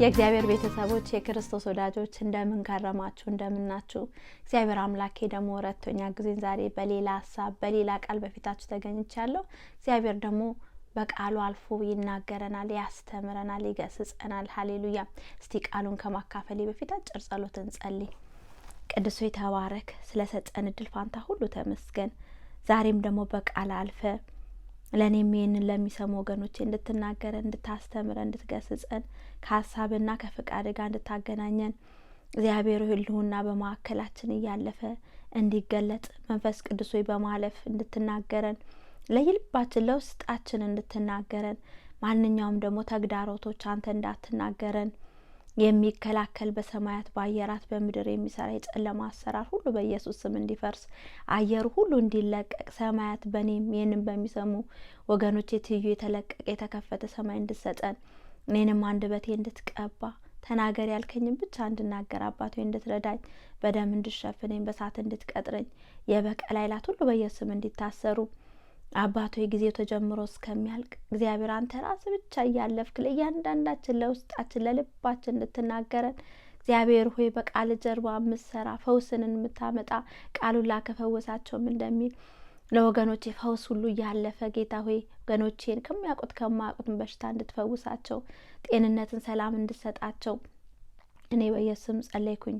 የእግዚአብሔር ቤተሰቦች የክርስቶስ ወዳጆች እንደምንከረማችሁ እንደምናችሁ። እግዚአብሔር አምላኬ ደግሞ ረቶኛ ጊዜን ዛሬ በሌላ ሀሳብ በሌላ ቃል በፊታችሁ ተገኝቻለሁ። እግዚአብሔር ደግሞ በቃሉ አልፎ ይናገረናል፣ ያስተምረናል፣ ይገስጸናል። ሀሌሉያ። እስቲ ቃሉን ከማካፈሌ በፊት አጭር ጸሎት እንጸልይ። ቅዱሶ የተባረክ ሰጠን እድል ፋንታ ሁሉ ተመስገን። ዛሬም ደግሞ በቃል አልፈ ለእኔም ይህንን ለሚሰሙ ወገኖቼ እንድትናገረን፣ እንድታስተምረን፣ እንድትገስጸን ከሀሳብና ከፍቃድ ጋር እንድታገናኘን እግዚአብሔር ህልውና በማዕከላችን እያለፈ እንዲገለጥ መንፈስ ቅዱስ ሆይ በማለፍ እንድትናገረን ለይልባችን ለውስጣችን እንድትናገረን ማንኛውም ደግሞ ተግዳሮቶች አንተ እንዳትናገረን የሚከላከል በሰማያት በአየራት በምድር የሚሰራ የጨለማ አሰራር ሁሉ በኢየሱስ ስም እንዲፈርስ አየሩ ሁሉ እንዲለቀቅ ሰማያት በእኔም ይህንም በሚሰሙ ወገኖች የትዩ የተለቀቀ የተከፈተ ሰማይ እንድሰጠን እኔንም አንደበቴ እንድትቀባ ተናገር ያልከኝም ብቻ እንድናገር አባት ሆይ እንድትረዳኝ በደም እንድሸፍነኝ በሳት እንድትቀጥረኝ የበቀል ኃይላት ሁሉ በየስም እንዲታሰሩ አባቶ ሆይ ጊዜው ተጀምሮ እስከሚያልቅ እግዚአብሔር አንተ ራስ ብቻ እያለፍክ ለእያንዳንዳችን ለውስጣችን ለልባችን እንድትናገረን እግዚአብሔር ሆይ በቃል ጀርባ የምትሰራ ፈውስን የምታመጣ ቃሉን ላከፈወሳቸውም እንደሚል ለወገኖቼ ፈውስ ሁሉ እያለፈ ጌታ ሆይ ወገኖቼን ከሚያውቁት ከማያውቁትን በሽታ እንድትፈውሳቸው፣ ጤንነትን፣ ሰላም እንድትሰጣቸው እኔ በኢየሱስም ጸለይኩኝ።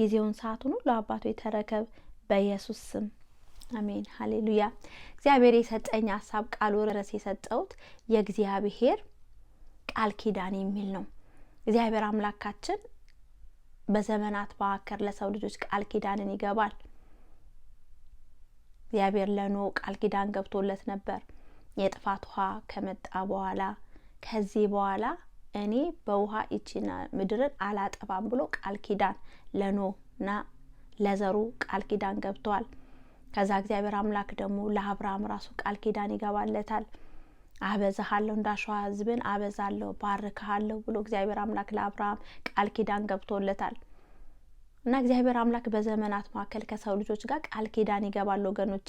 ጊዜውን ሰዓቱን ሁሉ አባቶ የተረከብ በኢየሱስ ስም አሜን። ሀሌሉያ። እግዚአብሔር የሰጠኝ ሀሳብ ቃሉ ርዕስ የሰጠውት የእግዚአብሔር ቃል ኪዳን የሚል ነው። እግዚአብሔር አምላካችን በዘመናት መካከል ለሰው ልጆች ቃል ኪዳንን ይገባል። እግዚአብሔር ለኖ ቃል ኪዳን ገብቶለት ነበር። የጥፋት ውሃ ከመጣ በኋላ ከዚህ በኋላ እኔ በውሃ ይቺን ምድርን አላጠፋም ብሎ ቃል ኪዳን ና ለዘሩ ቃል ኪዳን ገብተዋል። ከዛ እግዚአብሔር አምላክ ደግሞ ለአብርሃም ራሱ ቃል ኪዳን ይገባለታል። አበዛሃለሁ እንደ አሸዋ አበዛለሁ ባርክሃለሁ ብሎ እግዚአብሔር አምላክ ለአብርሃም ቃል ኪዳን ገብቶለታል። እና እግዚአብሔር አምላክ በዘመናት መካከል ከሰው ልጆች ጋር ቃል ኪዳን ይገባል ወገኖቼ።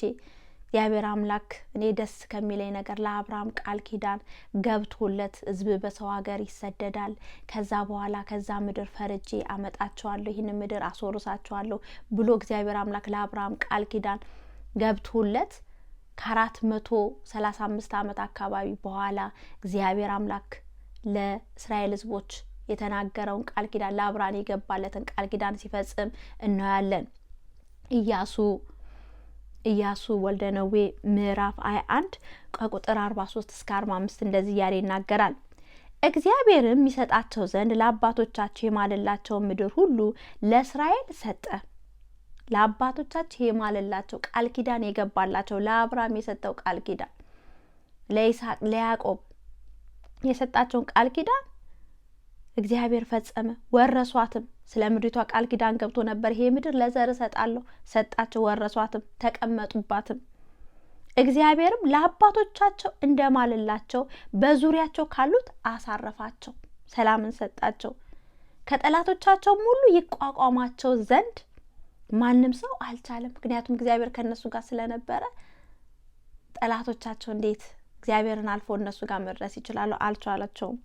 እግዚአብሔር አምላክ እኔ ደስ ከሚለኝ ነገር ለአብርሃም ቃል ኪዳን ገብቶለት ሕዝብ በሰው ሀገር ይሰደዳል። ከዛ በኋላ ከዛ ምድር ፈርጄ አመጣቸዋለሁ፣ ይህን ምድር አስወርሳቸዋለሁ ብሎ እግዚአብሔር አምላክ ለአብርሃም ቃል ኪዳን ገብቶለት ከአራት መቶ ሰላሳ አምስት ዓመት አካባቢ በኋላ እግዚአብሔር አምላክ ለእስራኤል ሕዝቦች የተናገረውን ቃል ኪዳን ለአብርሃም የገባለትን ቃል ኪዳን ሲፈጽም እናያለን። ኢያሱ ኢያሱ ወልደ ነዌ ምዕራፍ አንድ ከቁጥር ሶስት እስከ አምስት እንደዚህ እያለ ይናገራል። እግዚአብሔርም ይሰጣቸው ዘንድ ለአባቶቻቸው የማለላቸውን ምድር ሁሉ ለእስራኤል ሰጠ። ለአባቶቻቸው የማለላቸው ቃል ኪዳን የገባላቸው ለአብርሃም የሰጠው ቃል ኪዳን ለይስሐቅ ለያዕቆብ የሰጣቸውን ቃል ኪዳን እግዚአብሔር ፈጸመ። ወረሷትም። ስለ ምድሪቷ ቃል ኪዳን ገብቶ ነበር። ይሄ ምድር ለዘር እሰጣለሁ፣ ሰጣቸው፣ ወረሷትም፣ ተቀመጡባትም። እግዚአብሔርም ለአባቶቻቸው እንደማልላቸው በዙሪያቸው ካሉት አሳረፋቸው፣ ሰላምን ሰጣቸው። ከጠላቶቻቸውም ሁሉ ይቋቋማቸው ዘንድ ማንም ሰው አልቻለም። ምክንያቱም እግዚአብሔር ከእነሱ ጋር ስለነበረ ጠላቶቻቸው እንዴት እግዚአብሔርን አልፎ እነሱ ጋር መድረስ ይችላሉ? አልቻላቸውም።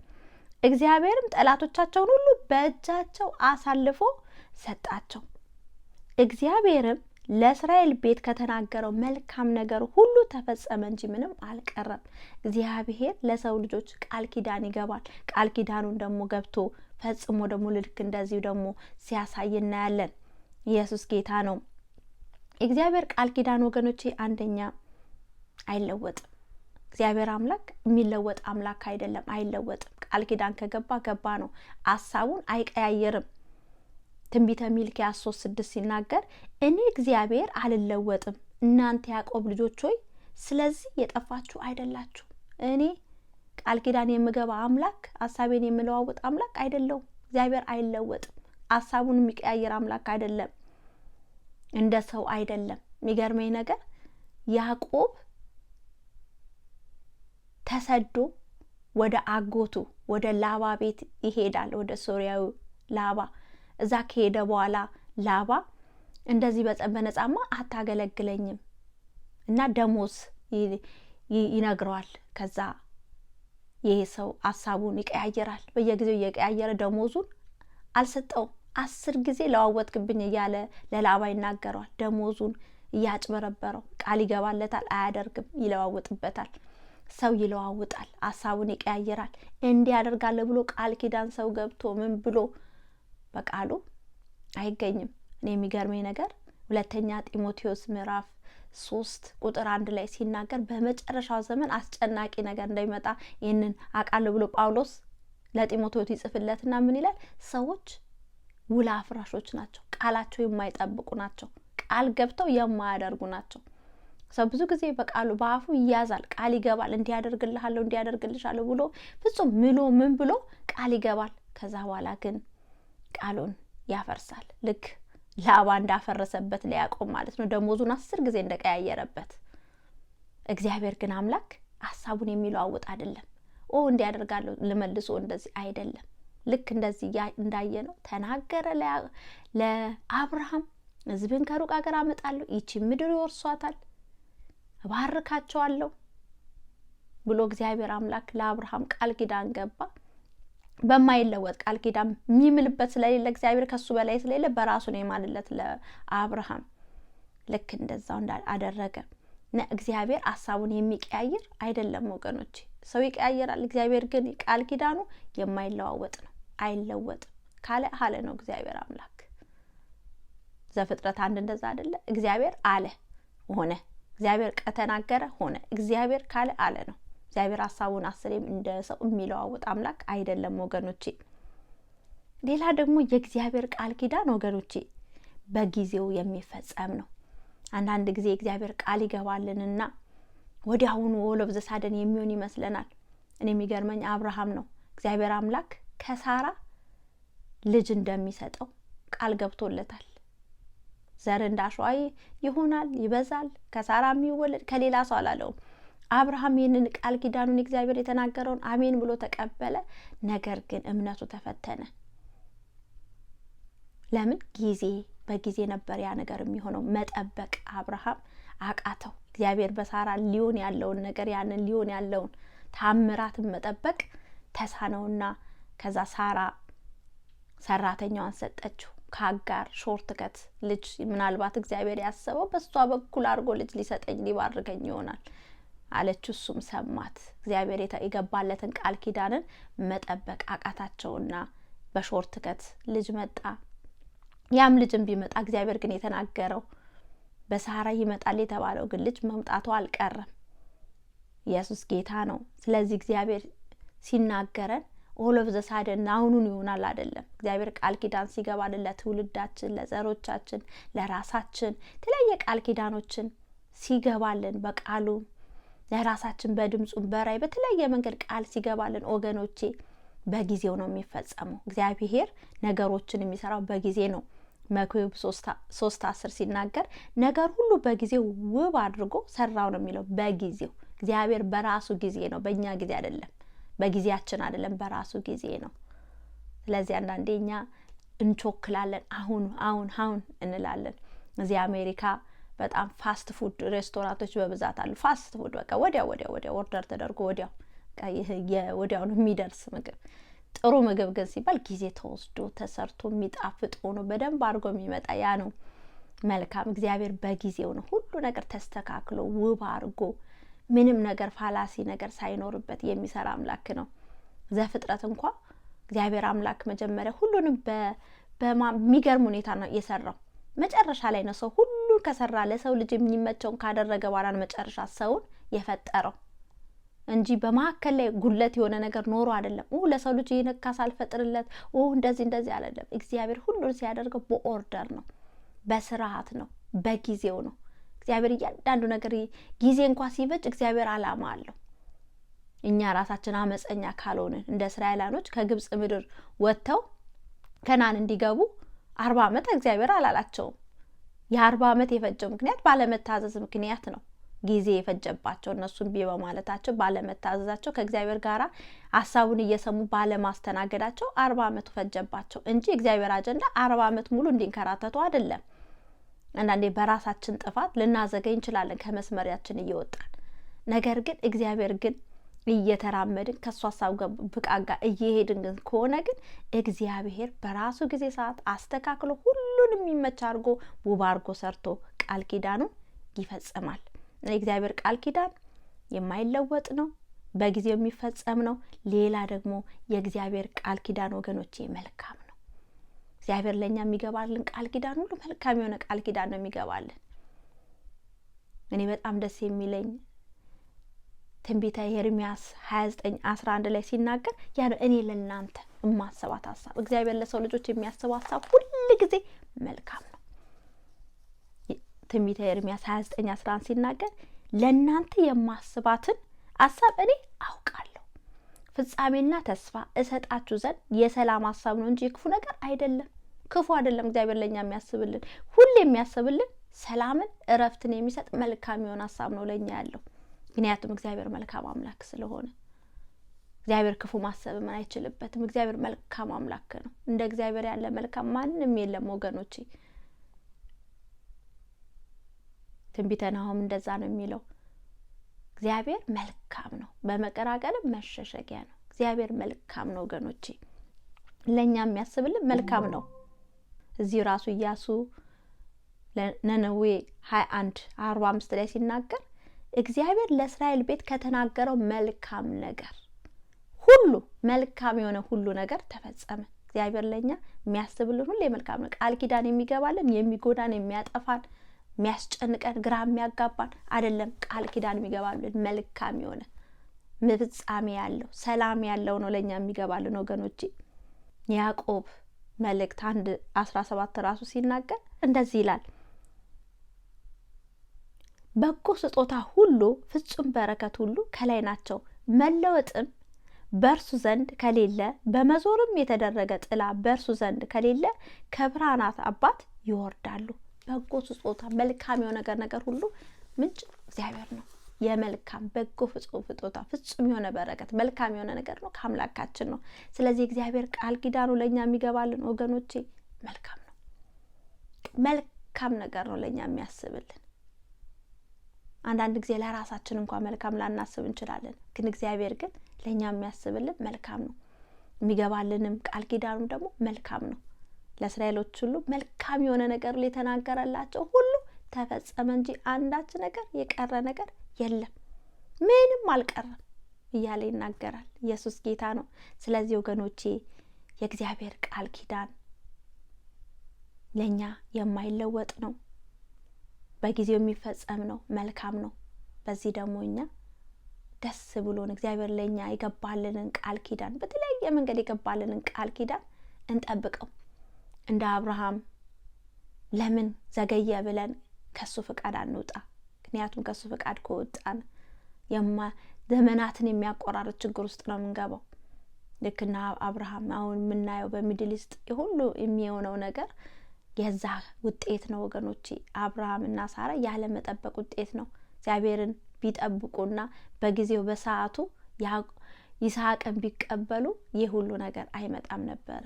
እግዚአብሔርም ጠላቶቻቸውን ሁሉ በእጃቸው አሳልፎ ሰጣቸው። እግዚአብሔርም ለእስራኤል ቤት ከተናገረው መልካም ነገር ሁሉ ተፈጸመ እንጂ ምንም አልቀረም። እግዚአብሔር ለሰው ልጆች ቃል ኪዳን ይገባል። ቃል ኪዳኑን ደግሞ ገብቶ ፈጽሞ ደግሞ ልክ እንደዚሁ ደግሞ ሲያሳይ እናያለን። ኢየሱስ ጌታ ነው። እግዚአብሔር ቃል ኪዳን ወገኖቼ አንደኛ አይለወጥም። እግዚአብሔር አምላክ የሚለወጥ አምላክ አይደለም፣ አይለወጥም። ቃል ኪዳን ከገባ ገባ ነው። አሳቡን አይቀያየርም። ትንቢተ ሚልክያስ ሶስት ስድስት ሲናገር እኔ እግዚአብሔር አልለወጥም፣ እናንተ ያዕቆብ ልጆች ሆይ ስለዚህ የጠፋችሁ አይደላችሁ። እኔ ቃል ኪዳን የምገባ አምላክ፣ ሀሳቤን የምለዋወጥ አምላክ አይደለውም። እግዚአብሔር አይለወጥም። ሀሳቡን የሚቀያየር አምላክ አይደለም። እንደ ሰው አይደለም። የሚገርመኝ ነገር ያዕቆብ ተሰዶ ወደ አጎቱ ወደ ላባ ቤት ይሄዳል። ወደ ሶሪያዊ ላባ እዛ ከሄደ በኋላ ላባ እንደዚህ በነጻማ አታገለግለኝም እና ደሞዝ ይነግረዋል። ከዛ ይሄ ሰው ሀሳቡን ይቀያየራል። በየጊዜው እየቀያየረ ደሞዙን አልሰጠውም። አስር ጊዜ ለዋወጥክብኝ እያለ ለላባ ይናገረዋል። ደሞዙን እያጭበረበረው ቃል ይገባለታል፣ አያደርግም፣ ይለዋወጥበታል። ሰው ይለዋውጣል፣ ሀሳቡን ይቀያየራል። እንዲህ ያደርጋለ ብሎ ቃል ኪዳን ሰው ገብቶ ምን ብሎ በቃሉ አይገኝም። እኔ የሚገርመኝ ነገር ሁለተኛ ጢሞቴዎስ ምዕራፍ ሶስት ቁጥር አንድ ላይ ሲናገር በመጨረሻው ዘመን አስጨናቂ ነገር እንደሚመጣ ይህንን አውቃለሁ ብሎ ጳውሎስ ለጢሞቴዎስ ይጽፍለትና ምን ይላል? ሰዎች ውላ አፍራሾች ናቸው፣ ቃላቸው የማይጠብቁ ናቸው፣ ቃል ገብተው የማያደርጉ ናቸው። ሰው ብዙ ጊዜ በቃሉ በአፉ ይያዛል፣ ቃል ይገባል፣ እንዲያደርግልሃለሁ እንዲያደርግልሻለሁ ብሎ ፍጹም ምሎ ምን ብሎ ቃል ይገባል። ከዛ በኋላ ግን ቃሉን ያፈርሳል። ልክ ላባ እንዳፈረሰበት ለያዕቆብ ማለት ነው፣ ደሞዙን አስር ጊዜ እንደቀያየረበት። እግዚአብሔር ግን አምላክ ሀሳቡን የሚለዋውጥ አይደለም። ኦ እንዲያደርጋለሁ ልመልሶ እንደዚህ አይደለም። ልክ እንደዚህ እንዳየ ነው ተናገረ ለአብርሃም ህዝብን ከሩቅ ሀገር አመጣለሁ፣ ይቺ ምድር ይወርሷታል እባርካቸዋለሁ ብሎ እግዚአብሔር አምላክ ለአብርሃም ቃል ኪዳን ገባ። በማይለወጥ ቃል ኪዳን የሚምልበት ስለሌለ እግዚአብሔር ከሱ በላይ ስለሌለ በራሱ ነው የማልለት ለአብርሃም። ልክ እንደዛው አደረገ። እግዚአብሔር ሀሳቡን የሚቀያየር አይደለም ወገኖች። ሰው ይቀያየራል፣ እግዚአብሔር ግን ቃል ኪዳኑ የማይለዋወጥ ነው። አይለወጥም ካለ አለ ነው እግዚአብሔር አምላክ። ዘፍጥረት አንድ እንደዛ አይደለ? እግዚአብሔር አለ ሆነ። እግዚአብሔር ከተናገረ ሆነ፣ እግዚአብሔር ካለ አለ ነው። እግዚአብሔር ሀሳቡን አስሬም እንደ ሰው የሚለዋውጥ አምላክ አይደለም ወገኖቼ። ሌላ ደግሞ የእግዚአብሔር ቃል ኪዳን ወገኖቼ በጊዜው የሚፈጸም ነው። አንዳንድ ጊዜ እግዚአብሔር ቃል ይገባልንና ወዲያውኑ ኦል ኦፍ የሚሆን ይመስለናል። እኔ የሚገርመኝ አብርሃም ነው። እግዚአብሔር አምላክ ከሳራ ልጅ እንደሚሰጠው ቃል ገብቶለታል። ዘር እንዳሸዋይ ይሆናል፣ ይበዛል፣ ከሳራ የሚወለድ ከሌላ ሰው አላለውም። አብርሃም ይህንን ቃል ኪዳኑን እግዚአብሔር የተናገረውን አሜን ብሎ ተቀበለ። ነገር ግን እምነቱ ተፈተነ። ለምን? ጊዜ በጊዜ ነበር ያ ነገር የሚሆነው። መጠበቅ አብርሃም አቃተው። እግዚአብሔር በሳራ ሊሆን ያለውን ነገር ያንን ሊሆን ያለውን ታምራትን መጠበቅ ተሳነውና ከዛ ሳራ ሰራተኛዋን ሰጠችው። ከአጋር ሾርት ከት ልጅ ምናልባት እግዚአብሔር ያሰበው በእሷ በኩል አድርጎ ልጅ ሊሰጠኝ ሊባርከኝ ይሆናል አለች። እሱም ሰማት። እግዚአብሔር የገባለትን ቃል ኪዳንን መጠበቅ አቃታቸውና በሾርት ከት ልጅ መጣ። ያም ልጅም ቢመጣ እግዚአብሔር ግን የተናገረው በሳራ ይመጣል የተባለው ግን ልጅ መምጣቱ አልቀረም። ኢየሱስ ጌታ ነው። ስለዚህ እግዚአብሔር ሲናገረን ኦል ኦፍ ዘ ሳደን አሁኑን ይሆናል አይደለም። እግዚአብሔር ቃል ኪዳን ሲገባልን ለትውልዳችን፣ ለዘሮቻችን፣ ለራሳችን የተለያየ ቃል ኪዳኖችን ሲገባልን በቃሉ ለራሳችን በድምፁ በራይ በተለያየ መንገድ ቃል ሲገባልን ወገኖቼ በጊዜው ነው የሚፈጸመው። እግዚአብሔር ነገሮችን የሚሰራው በጊዜ ነው። መክብብ ሶስት አስር ሲናገር ነገር ሁሉ በጊዜው ውብ አድርጎ ሰራው ነው የሚለው። በጊዜው እግዚአብሔር በራሱ ጊዜ ነው፣ በእኛ ጊዜ አይደለም። በጊዜያችን አይደለም፣ በራሱ ጊዜ ነው። ስለዚህ አንዳንዴ እኛ እንቾክላለን። አሁን አሁን አሁን እንላለን። እዚህ አሜሪካ በጣም ፋስት ፉድ ሬስቶራንቶች በብዛት አሉ። ፋስት ፉድ በቃ ወዲያው ወዲያው ወዲያው ኦርደር ተደርጎ ወዲያው ወዲያውኑ የሚደርስ ምግብ። ጥሩ ምግብ ግን ሲባል ጊዜ ተወስዶ ተሰርቶ የሚጣፍጥ ሆኖ በደንብ አድርጎ የሚመጣ ያ ነው መልካም። እግዚአብሔር በጊዜው ነው ሁሉ ነገር ተስተካክሎ ውብ አድርጎ ምንም ነገር ፋላሲ ነገር ሳይኖርበት የሚሰራ አምላክ ነው። ዘፍጥረት እንኳ እግዚአብሔር አምላክ መጀመሪያ ሁሉንም በሚገርም ሁኔታ ነው የሰራው። መጨረሻ ላይ ነው ሰው ሁሉን ከሰራ ለሰው ልጅ የሚመቸውን ካደረገ በኋላ ነው መጨረሻ ሰውን የፈጠረው እንጂ በመካከል ላይ ጉለት የሆነ ነገር ኖሮ አይደለም። ለሰው ልጅ ይነካስ አልፈጥርለት እንደዚህ እንደዚህ አይደለም። እግዚአብሔር ሁሉን ሲያደርገው በኦርደር ነው፣ በስርዓት ነው፣ በጊዜው ነው። እግዚአብሔር እያንዳንዱ ነገር ጊዜ እንኳ ሲበጅ እግዚአብሔር አላማ አለው። እኛ ራሳችን አመፀኛ ካልሆንን እንደ እስራኤላኖች ከግብፅ ምድር ወጥተው ከናን እንዲገቡ አርባ ዓመት እግዚአብሔር አላላቸውም። የአርባ ዓመት የፈጀው ምክንያት ባለመታዘዝ ምክንያት ነው። ጊዜ የፈጀባቸው እነሱን ቢ በማለታቸው ባለመታዘዛቸው፣ ከእግዚአብሔር ጋር ሀሳቡን እየሰሙ ባለማስተናገዳቸው አርባ ዓመቱ ፈጀባቸው እንጂ እግዚአብሔር አጀንዳ አርባ ዓመት ሙሉ እንዲንከራተቱ አይደለም። አንዳንዴ በራሳችን ጥፋት ልናዘገኝ እንችላለን ከመስመሪያችን እየወጣን ነገር ግን እግዚአብሔር ግን እየተራመድን ከእሱ ሀሳብ ብቃት ጋር እየሄድን ግን ከሆነ ግን እግዚአብሔር በራሱ ጊዜ ሰዓት አስተካክሎ ሁሉንም የሚመች አድርጎ ውብ አድርጎ ሰርቶ ቃል ኪዳኑ ይፈጽማል። እግዚአብሔር ቃል ኪዳን የማይለወጥ ነው፣ በጊዜው የሚፈጸም ነው። ሌላ ደግሞ የእግዚአብሔር ቃል ኪዳን ወገኖቼ መልካም ነው። እግዚአብሔር ለእኛ የሚገባልን ቃል ኪዳን ሁሉ መልካም የሆነ ቃል ኪዳን ነው የሚገባልን። እኔ በጣም ደስ የሚለኝ ትንቢተ ዘጠኝ 29 11 ላይ ሲናገር ያ ነው እኔ ለእናንተ የማስባት ሀሳብ። እግዚአብሔር ለሰው ልጆች የሚያስብ ሀሳብ ሁል ጊዜ መልካም ነው። ትንቢተ ዘጠኝ አስራ አንድ ሲናገር ለእናንተ የማስባትን ሀሳብ እኔ አውቃለሁ፣ ፍጻሜና ተስፋ እሰጣችሁ ዘንድ የሰላም ሀሳብ ነው እንጂ የክፉ ነገር አይደለም። ክፉ አይደለም። እግዚአብሔር ለእኛ የሚያስብልን ሁሌ የሚያስብልን ሰላምን፣ እረፍትን የሚሰጥ መልካም የሆነ ሀሳብ ነው ለእኛ ያለው። ምክንያቱም እግዚአብሔር መልካም አምላክ ስለሆነ እግዚአብሔር ክፉ ምን አይችልበትም። እግዚአብሔር መልካም አምላክ ነው። እንደ እግዚአብሔር ያለ መልካም ማንም የለም ወገኖቼ። ትንቢተ ናሆም እንደዛ ነው የሚለው እግዚአብሔር መልካም ነው፣ በመከራ መሸሸጊያ ነው። እግዚአብሔር መልካም ነው ወገኖቼ፣ ለእኛ የሚያስብልን መልካም ነው። እዚህ ራሱ እያሱ ነነዌ ኢያሱ አንድ አርባ አምስት ላይ ሲናገር እግዚአብሔር ለእስራኤል ቤት ከተናገረው መልካም ነገር ሁሉ መልካም የሆነ ሁሉ ነገር ተፈጸመ። እግዚአብሔር ለእኛ የሚያስብልን ሁሉ የመልካም ነው። ቃል ኪዳን የሚገባልን የሚጎዳን፣ የሚያጠፋን፣ የሚያስጨንቀን፣ ግራ የሚያጋባን አይደለም። ቃል ኪዳን የሚገባልን መልካም የሆነ ፍጻሜ ያለው ሰላም ያለው ነው ለእኛ የሚገባልን ወገኖቼ ያዕቆብ መልእክት አንድ አስራ ሰባት ራሱ ሲናገር እንደዚህ ይላል በጎ ስጦታ ሁሉ ፍጹም በረከት ሁሉ ከላይ ናቸው፣ መለወጥም በእርሱ ዘንድ ከሌለ በመዞርም የተደረገ ጥላ በእርሱ ዘንድ ከሌለ ከብርሃናት አባት ይወርዳሉ። በጎ ስጦታ መልካም የሆነ ነገር ነገር ሁሉ ምንጭ እግዚአብሔር ነው። የመልካም በጎ ፍጹም ፍጦታ ፍጹም የሆነ በረከት መልካም የሆነ ነገር ነው ከአምላካችን ነው። ስለዚህ እግዚአብሔር ቃል ኪዳኑ ለእኛ የሚገባልን ወገኖቼ መልካም ነው። መልካም ነገር ነው ለእኛ የሚያስብልን። አንዳንድ ጊዜ ለራሳችን እንኳ መልካም ላናስብ እንችላለን፣ ግን እግዚአብሔር ግን ለእኛ የሚያስብልን መልካም ነው። የሚገባልንም ቃል ኪዳኑም ደግሞ መልካም ነው። ለእስራኤሎች ሁሉ መልካም የሆነ ነገር የተናገረላቸው ሁሉ ተፈጸመ እንጂ አንዳች ነገር የቀረ ነገር የለም ምንም አልቀረም እያለ ይናገራል። ኢየሱስ ጌታ ነው። ስለዚህ ወገኖቼ የእግዚአብሔር ቃል ኪዳን ለእኛ የማይለወጥ ነው። በጊዜው የሚፈጸም ነው። መልካም ነው። በዚህ ደግሞ እኛ ደስ ብሎን እግዚአብሔር ለእኛ የገባልንን ቃል ኪዳን በተለያየ መንገድ የገባልንን ቃል ኪዳን እንጠብቀው። እንደ አብርሃም ለምን ዘገየ ብለን ከሱ ፈቃድ አንውጣ። ምክንያቱም ከእሱ ፈቃድ ከወጣን የማ ዘመናትን የሚያቆራረጥ ችግር ውስጥ ነው የምንገባው። ልክና አብርሃም አሁን የምናየው በሚድል ኢስት ሁሉ የሚሆነው ነገር የዛ ውጤት ነው ወገኖቼ። እና ሳራ ያለመጠበቅ ውጤት ነው። እግዚአብሔርን ቢጠብቁና በጊዜው በሰዓቱ ይስሐቅን ቢቀበሉ ይህ ሁሉ ነገር አይመጣም ነበር።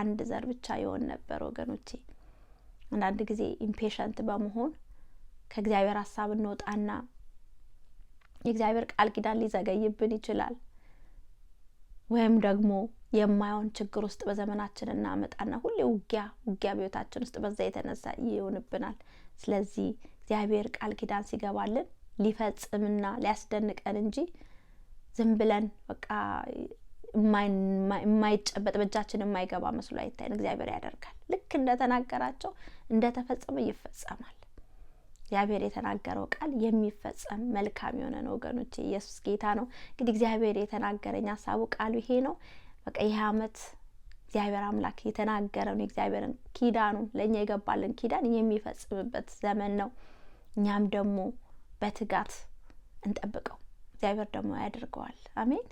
አንድ ዘር ብቻ ይሆን ነበር ወገኖቼ። አንዳንድ ጊዜ ኢምፔሸንት በመሆን ከእግዚአብሔር ሀሳብ እንወጣና የእግዚአብሔር ቃል ኪዳን ሊዘገይብን ይችላል። ወይም ደግሞ የማይሆን ችግር ውስጥ በዘመናችን እናመጣና ሁሌ ውጊያ ውጊያ በሕይወታችን ውስጥ በዛ የተነሳ ይሆንብናል። ስለዚህ እግዚአብሔር ቃል ኪዳን ሲገባልን ሊፈጽምና ሊያስደንቀን እንጂ ዝም ብለን በቃ የማይጨበጥ በእጃችን የማይገባ መስሎ አይታይን። እግዚአብሔር ያደርጋል። ልክ እንደተናገራቸው እንደተፈጸመ ይፈጸማል። እግዚአብሔር የተናገረው ቃል የሚፈጸም መልካም የሆነ ነው ወገኖች ኢየሱስ ጌታ ነው። እንግዲህ እግዚአብሔር የተናገረኝ ሀሳቡ ቃሉ ይሄ ነው። በቃ ይህ አመት እግዚአብሔር አምላክ የተናገረውን የእግዚአብሔርን ኪዳኑ ለእኛ የገባልን ኪዳን የሚፈጽምበት ዘመን ነው። እኛም ደግሞ በትጋት እንጠብቀው፣ እግዚአብሔር ደግሞ ያደርገዋል። አሜን።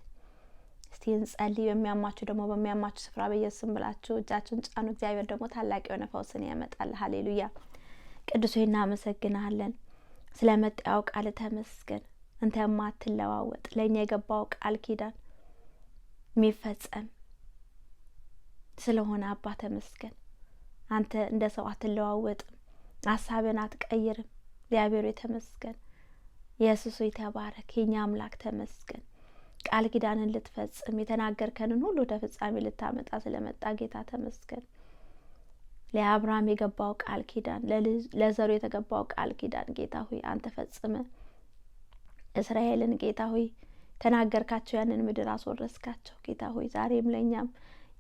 እስቲ እንጸልይ። በሚያማችሁ ደግሞ በሚያማችሁ ስፍራ በኢየሱስ ስም ብላችሁ እጃችሁን ጫኑ። እግዚአብሔር ደግሞ ታላቅ የሆነ ፈውስን ያመጣል። ሀሌሉያ ቅዱስ ሆይ እናመሰግናለን። ስለ ቃል ተመስገን። እንተ የማትለዋወጥ ለእኛ የገባው ቃል ኪዳን የሚፈጸም ስለሆነ አባ ተመስገን። አንተ እንደ ሰው አትለዋወጥም፣ ሀሳብን አትቀይርም። እግዚአብሔር ተመስገን። ኢየሱስ የተባረክ የኛ አምላክ ተመስገን። ቃል ኪዳንን ልትፈጽም የተናገርከንን ሁሉ ወደ ፍጻሜ ልታመጣ ስለመጣ ጌታ ተመስገን። ለአብርሃም የገባው ቃል ኪዳን፣ ለዘሩ የተገባው ቃል ኪዳን ጌታ ሆይ አንተ ፈጽመ እስራኤልን ጌታ ሆይ ተናገርካቸው፣ ያንን ምድር አስወረስካቸው። ጌታ ሆይ ዛሬም ለእኛም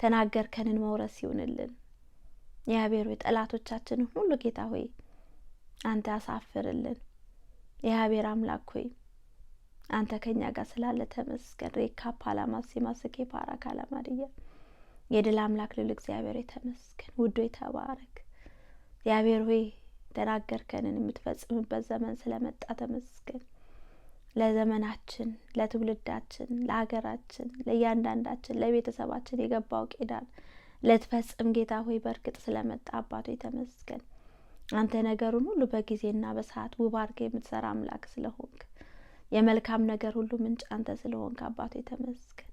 ተናገርከንን መውረስ ይሁንልን። የአቤሮ ጠላቶቻችንን ሁሉ ጌታ ሆይ አንተ አሳፍርልን። የአብሔር አምላክ ሆይ አንተ ከኛ ጋር ስላለ ተመስገን። ሬካ ፓላማ ሲማስኬ የድል አምላክ ልል እግዚአብሔር የተመስገን። ውዶ የተባረክ እግዚአብሔር ሆይ ተናገርከንን የምትፈጽምበት ዘመን ስለመጣ ተመስገን። ለዘመናችን፣ ለትውልዳችን፣ ለሀገራችን፣ ለእያንዳንዳችን፣ ለቤተሰባችን የገባው ቄዳን ልትፈጽም ጌታ ሆይ በእርግጥ ስለመጣ አባቶ የተመስገን። አንተ ነገሩን ሁሉ በጊዜና በሰዓት ውብ አድርገህ የምትሰራ አምላክ ስለሆንክ የመልካም ነገር ሁሉ ምንጭ አንተ ስለሆንክ አባቶ የተመስገን።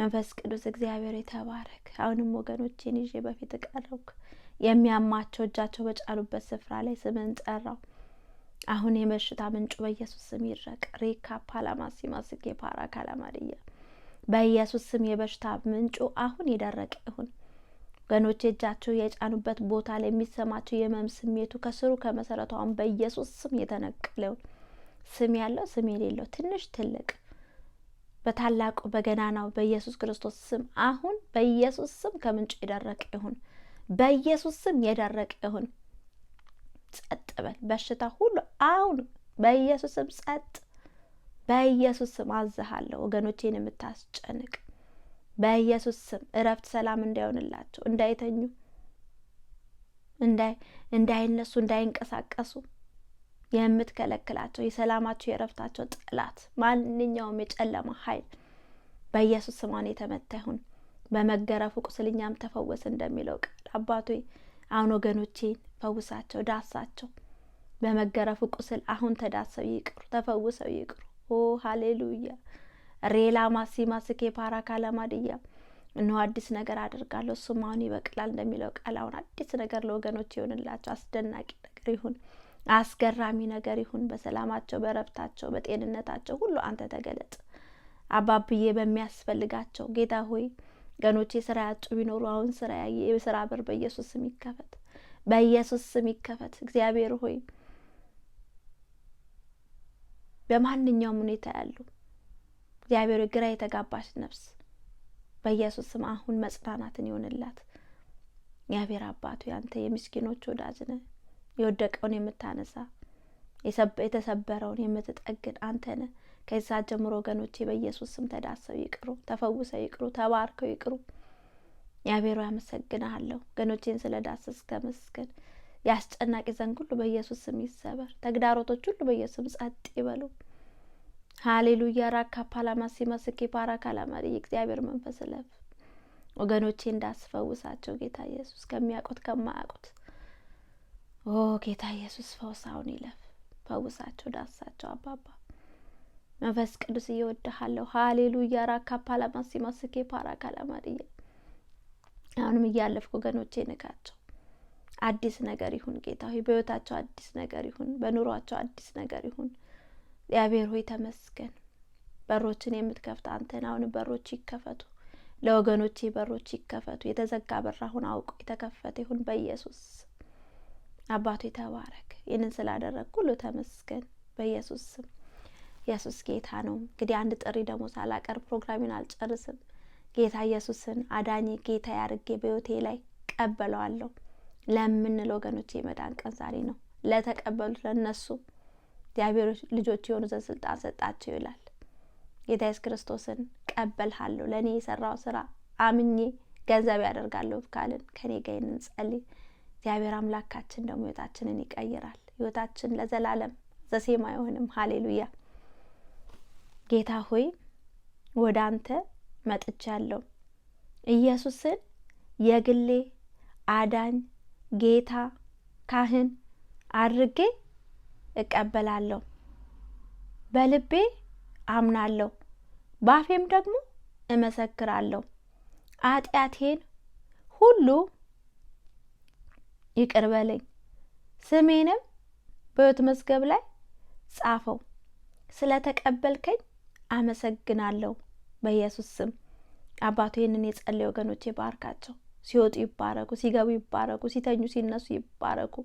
መንፈስ ቅዱስ እግዚአብሔር የተባረክ። አሁንም ወገኖቼን ይዤ በፊት ቀረብኩ። የሚያማቸው እጃቸው በጫሉበት ስፍራ ላይ ስምን ጠራው። አሁን የበሽታ ምንጩ በኢየሱስ ስም ይረቅ። ሬካ ሲማስጌ ፓራ ካላማድያ በኢየሱስ ስም የበሽታ ምንጩ አሁን የደረቀ ይሁን። ወገኖቼ እጃቸው የጫኑበት ቦታ ላይ የሚሰማቸው የመም ስሜቱ ከስሩ ከመሰረቱ አሁን በኢየሱስ ስም የተነቀለ ስም ያለው ስም የሌለው ትንሽ ትልቅ በታላቁ በገናናው በኢየሱስ ክርስቶስ ስም አሁን በኢየሱስ ስም ከምንጩ የደረቅ ይሁን። በኢየሱስ ስም የደረቅ ይሁን። ጸጥ በል በሽታ ሁሉ አሁን በኢየሱስ ስም ጸጥ። በኢየሱስ ስም አዝሃለሁ። ወገኖቼን የምታስጨንቅ በኢየሱስ ስም እረፍት ሰላም እንዳይሆንላቸው፣ እንዳይተኙ፣ እንዳይነሱ፣ እንዳይንቀሳቀሱ የምትከለክላቸው የሰላማቸው የረፍታቸው ጠላት ማንኛውም የጨለማ ኃይል በኢየሱስ ስማን የተመታ ይሁን። በመገረፉ ቁስልኛም ተፈወስ እንደሚለው ቃል አባቶ አሁን ወገኖቼን ፈውሳቸው፣ ዳሳቸው። በመገረፉ ቁስል አሁን ተዳሰው ይቅሩ፣ ተፈውሰው ይቅሩ። ኦ ሀሌሉያ። ሬላ ማሲማ ስኬ ፓራ ካለማድያ እነሆ አዲስ ነገር አድርጋለሁ እሱም አሁን ይበቅላል እንደሚለው ቃል አሁን አዲስ ነገር ለወገኖች ይሆንላቸው። አስደናቂ ነገር ይሁን። አስገራሚ ነገር ይሁን። በሰላማቸው፣ በረፍታቸው፣ በጤንነታቸው ሁሉ አንተ ተገለጥ። አባብዬ በሚያስፈልጋቸው ጌታ ሆይ ገኖቼ ስራ ያጡ ቢኖሩ አሁን ስራ ያየ የስራ በር በኢየሱስ ስም ይከፈት፣ በኢየሱስ ስም ይከፈት። እግዚአብሔር ሆይ በማንኛውም ሁኔታ ያሉ እግዚአብሔር ግራ የተጋባች ነፍስ በኢየሱስ ስም አሁን መጽናናትን ይሆንላት። እግዚአብሔር አባቱ ያንተ የምስኪኖች ወዳጅ ነህ። የወደቀውን የምታነሳ የተሰበረውን የምትጠግን አንተነ ከዛ ጀምሮ ወገኖቼ በኢየሱስ ስም ተዳሰው ይቅሩ፣ ተፈውሰው ይቅሩ፣ ተባርከው ይቅሩ። ያቤሮ ያመሰግናለሁ። ወገኖቼን ስለ ዳሰስ ከመስገን የአስጨናቂ ዘንግ ሁሉ በኢየሱስ ስም ይሰበር። ተግዳሮቶች ሁሉ በኢየሱስ ስም ጸጥ ይበሉ። ሀሌሉያ ራካ ፓላማ ሲመስኬ ፓራካላማ የእግዚአብሔር መንፈስ ለፍ ወገኖቼ እንዳስፈውሳቸው ጌታ ኢየሱስ ከሚያውቁት ከማያውቁት ኦ ጌታ ኢየሱስ ፈውስ አሁን ይለፍ፣ ፈውሳቸው፣ ዳሳቸው አባባ መንፈስ ቅዱስ እየወድሃለሁ። ሀሌሉያ ራካ ፓላማ ራካፓላማሲ ፓራ ፓራካላማድያ አሁንም እያለፍኩ ወገኖቼ ንካቸው። አዲስ ነገር ይሁን ጌታ ሆይ፣ በህይወታቸው አዲስ ነገር ይሁን፣ በኑሯቸው አዲስ ነገር ይሁን። እግዚአብሔር ሆይ ተመስገን። በሮችን የምትከፍት አንተን። አሁን በሮች ይከፈቱ፣ ለወገኖቼ በሮች ይከፈቱ። የተዘጋ በር አሁን አውቆ የተከፈተ ይሁን በኢየሱስ አባቱ የተባረክ። ይህንን ስላደረግ ሁሉ ተመስገን በኢየሱስ ስም። ኢየሱስ ጌታ ነው። እንግዲህ አንድ ጥሪ ደግሞ ሳላቀርብ ፕሮግራሚን አልጨርስም። ጌታ ኢየሱስን አዳኝ ጌታ ያርጌ በህይወቴ ላይ ቀበለዋለሁ ለምንል ወገኖች የመዳን ቀን ዛሬ ነው። ለተቀበሉት ለነሱ እግዚአብሔር ልጆች የሆኑ ዘንድ ስልጣን ሰጣቸው ይላል። ጌታ ኢየሱስ ክርስቶስን ቀበልሃለሁ፣ ለእኔ የሰራው ስራ አምኜ ገንዘብ ያደርጋለሁ ካልን ከኔ ጋር እንጸልይ። እግዚአብሔር አምላካችን ደግሞ ህይወታችንን ይቀይራል። ህይወታችን ለዘላለም ዘሴም አይሆንም። ሀሌሉያ። ጌታ ሆይ ወደ አንተ መጥቻለሁ። ኢየሱስን የግሌ አዳኝ ጌታ ካህን አድርጌ እቀበላለሁ። በልቤ አምናለሁ፣ ባፌም ደግሞ እመሰክራለሁ። አጢአቴን ሁሉ ይቅር በለኝ፣ ስሜንም በሕይወት መዝገብ ላይ ጻፈው። ስለ ተቀበልከኝ አመሰግናለሁ። በኢየሱስ ስም አባቱ ይህንን የጸለይ ወገኖች ይባርካቸው። ሲወጡ ይባረኩ፣ ሲገቡ ይባረኩ፣ ሲተኙ ሲነሱ ይባረኩ።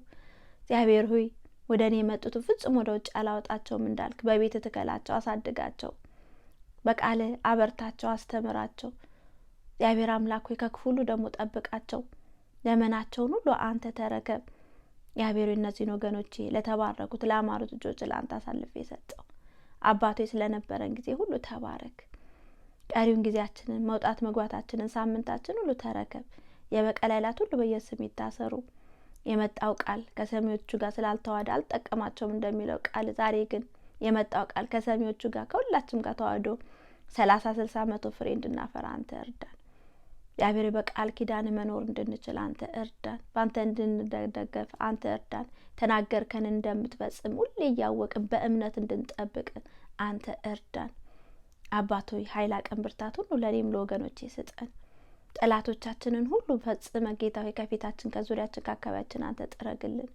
እግዚአብሔር ሆይ ወደ እኔ የመጡትን ፍጹም ወደ ውጭ አላወጣቸውም እንዳልክ በቤት ትከላቸው፣ አሳድጋቸው፣ በቃል አበርታቸው፣ አስተምራቸው። እግዚአብሔር አምላክ ሆይ ከክፉ ደግሞ ጠብቃቸው። ዘመናቸውን ሁሉ አንተ ተረከብ። እግዚአብሔር እነዚህን ወገኖች ለተባረኩት ለአማሩት እጆች ለአንተ አሳልፌ የሰጠው አባቶ ስለነበረን ጊዜ ሁሉ ተባረክ። ቀሪውን ጊዜያችንን መውጣት መግባታችንን ሳምንታችን ሁሉ ተረከብ። የበቀል ሁሉ በየስም ይታሰሩ። የመጣው ቃል ከሰሚዎቹ ጋር ስላልተዋደ አልጠቀማቸውም እንደሚለው ቃል ዛሬ ግን የመጣው ቃል ከሰሚዎቹ ጋር ከሁላችም ጋር ተዋህዶ ሰላሳ ስልሳ መቶ ፍሬ እንድናፈራ አንተ እርዳን። እግዚአብሔር በቃል ኪዳን መኖር እንድንችል አንተ እርዳን። በአንተ እንድንደገፍ አንተ እርዳን። ተናገርከን እንደምትፈጽም ሁሌ እያወቅን በእምነት እንድንጠብቅ አንተ እርዳን። አባቶ ኃይል አቅም፣ ብርታት ሁሉ ለእኔም ለወገኖቼ ስጠን። ጠላቶቻችንን ሁሉ ፈጽመ ሆይ ከፊታችን ከዙሪያችን ከአካባቢያችን አንተ ጥረግልን።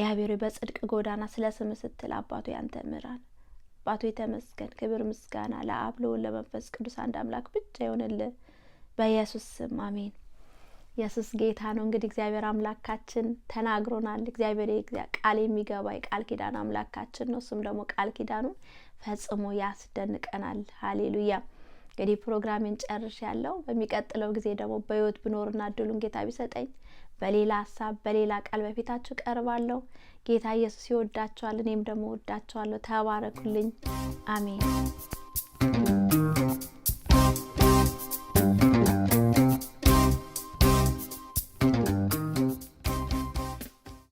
የአብሔሮ በጽድቅ ጎዳና ስለ ስም ስትል አባቶ ያንተ ምራን። አባቶ የተመስገን ክብር ምስጋና ለአብ ለወልድ ለመንፈስ ቅዱስ አንድ አምላክ ብቻ ይሆንልን። በኢየሱስ ስም አሜን። ኢየሱስ ጌታ ነው። እንግዲህ እግዚአብሔር አምላካችን ተናግሮናል። እግዚአብሔር ቃል የሚገባ የቃል ኪዳን አምላካችን ነው። እሱም ደግሞ ቃል ኪዳኑን ፈጽሞ ያስደንቀናል። ሀሌሉያ። እንግዲህ ፕሮግራሜን ጨርሽ ያለው በሚቀጥለው ጊዜ ደግሞ በህይወት ብኖርና እድሉን ጌታ ቢሰጠኝ በሌላ ሀሳብ በሌላ ቃል በፊታችሁ ቀርባለሁ። ጌታ ኢየሱስ ይወዳችኋል፣ እኔም ደግሞ ወዳችኋለሁ። ተባረኩልኝ። አሜን።